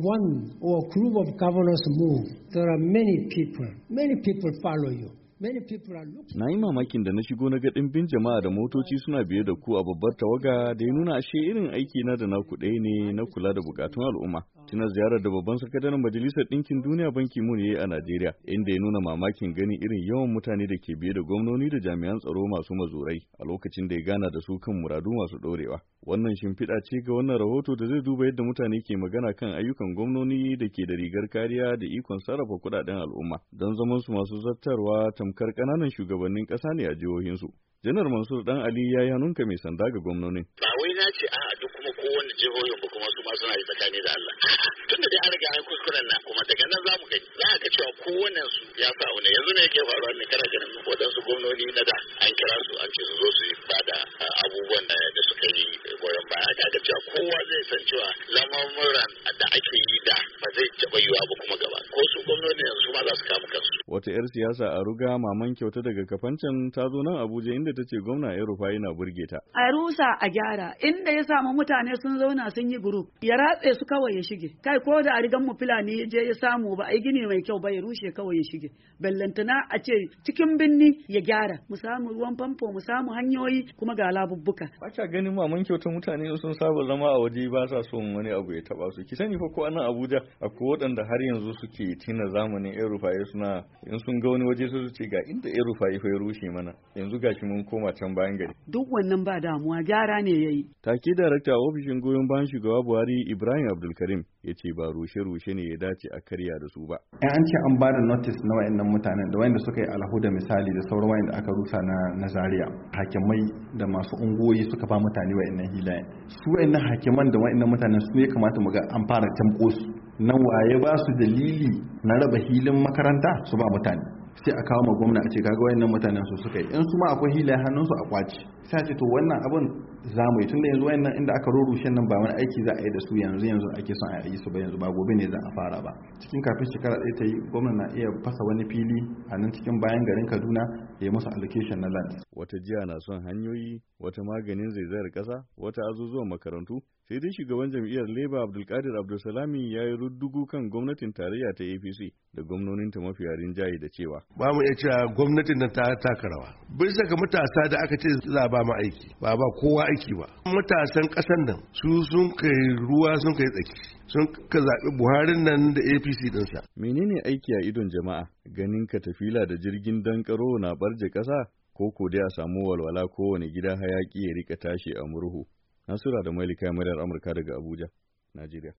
one or group of governors move, there are many people, many people follow you. Na yi mamakin da na shigo na gaɗin bin jama'a da motoci suna biye da ku a babbar tawaga da ya nuna ashe irin aiki na da na ɗaya ne na kula da bukatun al'umma. Tuna ziyarar da babban sakataren Majalisar Ɗinkin Duniya Banki Mun ya a Najeriya, inda ya nuna mamakin ganin irin yawan mutane da ke biye da gwamnoni da jami'an tsaro masu mazurai a lokacin da ya gana da su kan muradu masu ɗorewa. Wannan shimfiɗa ce ga wannan rahoto da zai duba yadda mutane ke magana kan ayyukan gwamnoni da ke da rigar kariya da ikon sarrafa kuɗaɗen al'umma don zaman su masu zartarwa tamkar ƙananan shugabannin ƙasa ne a jihohinsu. Janar Mansur Dan Ali ya yi hannunka mai sanda ga gwamnonin. Ba wai na ce a duk kuma kowane jihohin ba kuma su ma suna yi tsakani da Allah. tun dai an riga an kuskuren na kuma daga nan za mu gani. Za ka cewa kowane su ya sa wani yanzu ne yake faruwa ne kana ganin waɗansu gwamnoni na da an kira su an ce su zo su yi ba da abubuwan da suka yi goyon baya. Ka ga cewa kowa zai san cewa lamurran da ake yi da ba zai taɓa yiwa ba kuma wata 'yar siyasa a ruga maman kyauta daga kafancin ta zo nan Abuja inda ta ce gwamna ya rufa yana burge ta. A rusa a gyara inda ya samu mutane sun zauna sun yi group ya ratse su kawai ya shige. Kai ko da a rigan mu Fulani ya je ya samu ba a yi gini mai kyau ba ya rushe kawai ya shige. Bellantana a ce cikin binni ya gyara mu samu ruwan famfo mu samu hanyoyi kuma ga labubbuka. Baka ganin maman kyauta mutane sun saba zama a waje ba sa son wani abu ya taba su. Ki sani fa ko a nan Abuja akwai waɗanda har yanzu suke tina zamanin yan rufaye suna in sun ga wani waje su ce ga inda ya rufa ya rushe mana yanzu gashi mun koma can bayan gari duk wannan ba damuwa gyara ne ya yayi taki darakta ofishin goyon bayan shugaba Buhari Ibrahim Abdulkarim ya ce ba rushe-rushe ne ya dace a karya da su ba. ‘Yan eh, an ce an ba da notice na wayannan mutanen da wayanda suka yi alahu da misali da sauran wayanda aka rusa na Zariya, hakimai da masu ungoyi suka ba mutane wayannan hilayen su wayannan hakiman da wayannan mutanen su ya kamata mu ga an fara tamko su nan waye ba su dalili na raba hilin makaranta su ba mutane sai a kawo ma gwamna a ce kaga wayannan mutanen su suka yi in su ma akwai hilayen hannun su a kwaci sa ce to wannan abin za mu yi tunda yanzu wayan nan inda aka rurrushe nan ba wani aiki za a yi da su yanzu yanzu ake son a yi su ba yanzu ba gobe ne za a fara ba cikin kafin shekara ɗaya ta yi gwamnati na iya fasa wani fili a nan cikin bayan garin Kaduna ya musu allocation na land wata jiya na son hanyoyi wata maganin zaizayar ƙasa wata azuzuwan makarantu sai dai shugaban jam'iyyar Labour Abdulkadir Abdulsalami ya yi ruddugu kan gwamnatin tarayya ta APC da gwamnoninta mafiya rinjaye da cewa ba mu iya cewa gwamnatin nan ta taka rawa bisa ga matasa da aka ce za ba ma aiki ba ba kowa aiki ba matasan kasar nan su sun kai ruwa sun kai tsaki sun ka zaɓi Buhari nan da apc ɗinsa. menene aiki a idon jama'a ganin ka tafila da jirgin dankaro na barje kasa ko ko dai a samu walwala kowane gida hayaki ya rika tashi a murhu nasura da malika muryar amurka daga abuja najeriya